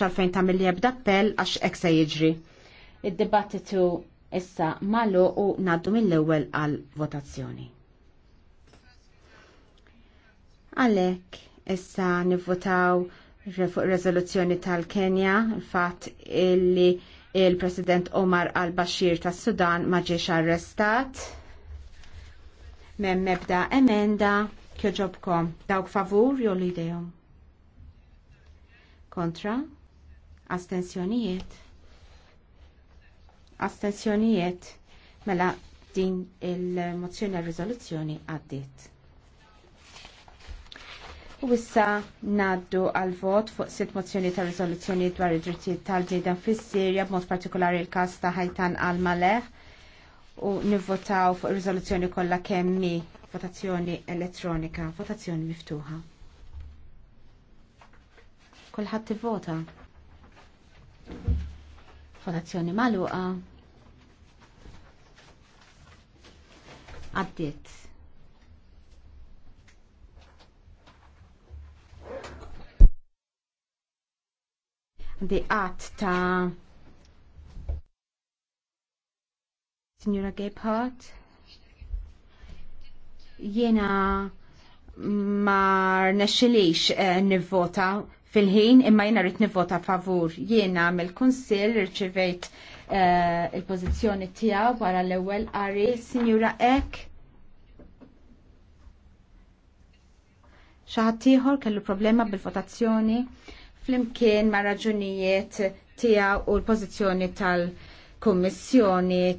xalfejn ta' mill ebda appell għax eksa jiġri. Id-dibattitu issa malu u naddu mill-ewwel għal votazzjoni. Għalek issa nivvotaw rezoluzzjoni tal-Kenja fatt illi il-President Omar al-Bashir tas-Sudan ma ġiex arrestat. Mem mebda emenda kjoġobkom dawk favur jew dejom. kontra astensjonijiet astensjonijiet mela din il-mozzjoni għal riżoluzzjoni għaddit. U issa naddu għal vot fuq sitt mozzjoni ta' riżoluzzjoni dwar id-drittijiet tal-bniedem fis-Sirja b'mod partikolari il-każ ta' Ħajtan għal Maleh u nivvotaw fuq riżoluzzjoni kollha kemmi votazzjoni elettronika, votazzjoni miftuħa. Kulħadd ivvota. vota fondazzjoni maluqa. Għaddiet. Di għat ta' Signora Gebhardt. Jena ma rnexxilix eh, nivvota fil-ħin imma jina rrit nivvota favur. Jiena mill Konsil rċivejt uh, eh, il-pożizzjoni tiegħu wara l-ewwel qari Sinjura Ek. Xi kellu problema bil-votazzjoni flimkien ma' raġunijiet tiegħu u l-pożizzjoni tal-Kummissjoni